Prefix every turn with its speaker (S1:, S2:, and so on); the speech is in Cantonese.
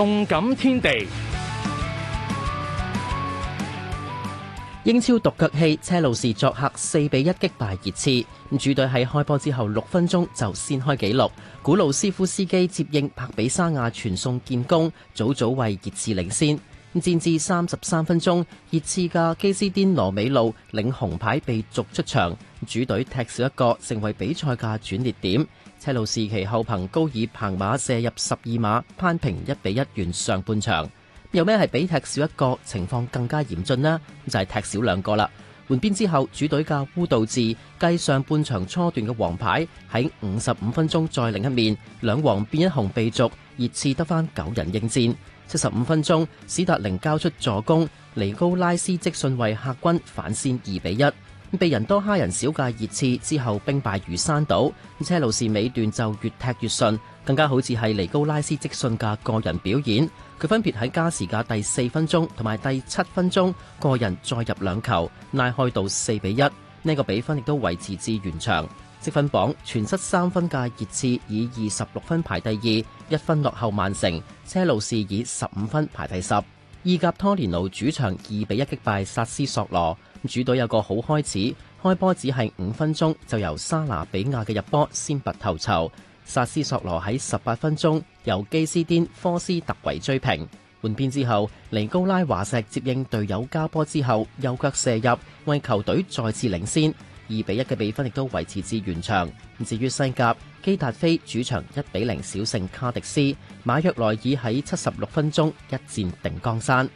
S1: 動感天地，英超獨腳戲車路士作客四比一擊敗熱刺，主隊喺開波之後六分鐘就先開紀錄，古魯斯夫斯基接應帕比沙亞傳送建功，早早為熱刺領先。戰至三十三分鐘，熱刺嘅基斯甸羅美路領紅牌被逐出場，主隊踢少一個，成為比賽嘅轉捩點。車路士其後憑高爾彭馬射入十二碼，扳平一比一完上半場。有咩係比踢少一個情況更加嚴峻呢？就係、是、踢少兩個啦。換邊之後，主隊嘅烏道治繼上半場初段嘅黃牌喺五十五分鐘再另一面兩黃變一紅被逐，熱刺得翻九人應戰。七十五分鐘，史達寧交出助攻，尼高拉斯積遜為客軍反先二比一。被人多蝦人少嘅熱刺之後兵敗如山倒，車路士尾段就越踢越順，更加好似係尼高拉斯積遜嘅個人表演。佢分別喺加時嘅第四分鐘同埋第七分鐘個人再入兩球，拉開到四比一。呢個比分亦都維持至完場。積分榜，全失三分嘅熱刺以二十六分排第二，一分落後曼城。車路士以十五分排第十。意甲拖連奴主場二比一擊敗薩斯索羅，主隊有個好開始，開波只係五分鐘就由莎拿比亞嘅入波先拔頭籌，薩斯索羅喺十八分鐘由基斯顛科斯特維追平，換邊之後尼高拉華石接應隊友加波之後右腳射入，為球隊再次領先。二比一嘅比分亦都維持至完場，至於西甲，基達菲主場一比零小勝卡迪斯，馬約內爾喺七十六分鐘一戰定江山。